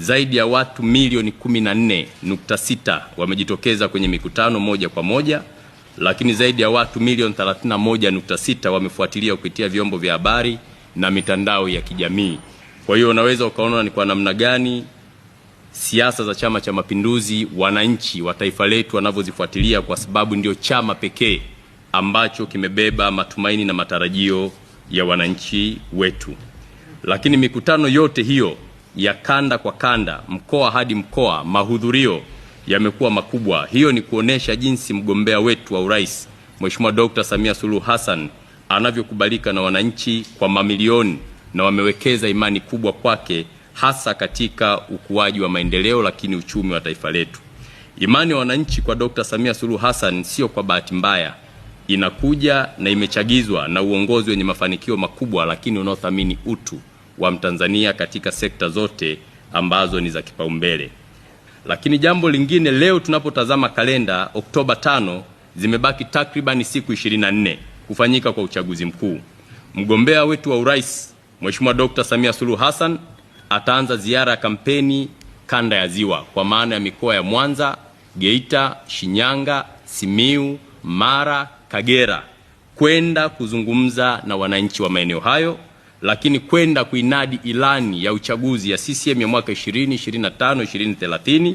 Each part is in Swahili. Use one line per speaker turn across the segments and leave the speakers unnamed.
zaidi ya watu milioni 14.6 wamejitokeza kwenye mikutano moja kwa moja, lakini zaidi ya watu milioni 31.6 wamefuatilia kupitia vyombo vya habari na mitandao ya kijamii. Kwa hiyo unaweza ukaona ni kwa namna gani siasa za Chama cha Mapinduzi wananchi wa taifa letu wanavyozifuatilia, kwa sababu ndio chama pekee ambacho kimebeba matumaini na matarajio ya wananchi wetu. Lakini mikutano yote hiyo ya kanda kwa kanda, mkoa hadi mkoa, mahudhurio yamekuwa makubwa. Hiyo ni kuonesha jinsi mgombea wetu wa urais Mheshimiwa Dkt. Samia Suluhu Hassan anavyokubalika na wananchi kwa mamilioni na wamewekeza imani kubwa kwake hasa katika ukuaji wa maendeleo lakini uchumi wa taifa letu. Imani ya wananchi kwa Dkt. Samia Suluhu Hassan sio kwa bahati mbaya, inakuja na imechagizwa na uongozi wenye mafanikio makubwa lakini unaothamini utu wa Mtanzania katika sekta zote ambazo ni za kipaumbele. Lakini jambo lingine, leo tunapotazama kalenda, Oktoba tano zimebaki takribani siku 24 kufanyika kwa uchaguzi mkuu. Mgombea wetu wa urais Mheshimiwa Dkt. Samia Suluhu Hassan ataanza ziara ya kampeni kanda ya Ziwa kwa maana ya mikoa ya Mwanza, Geita, Shinyanga, Simiu, Mara, Kagera kwenda kuzungumza na wananchi wa maeneo hayo lakini kwenda kuinadi ilani ya uchaguzi ya CCM ya mwaka 2025 2030,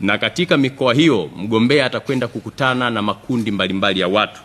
na katika mikoa hiyo mgombea atakwenda kukutana na makundi mbalimbali mbali ya watu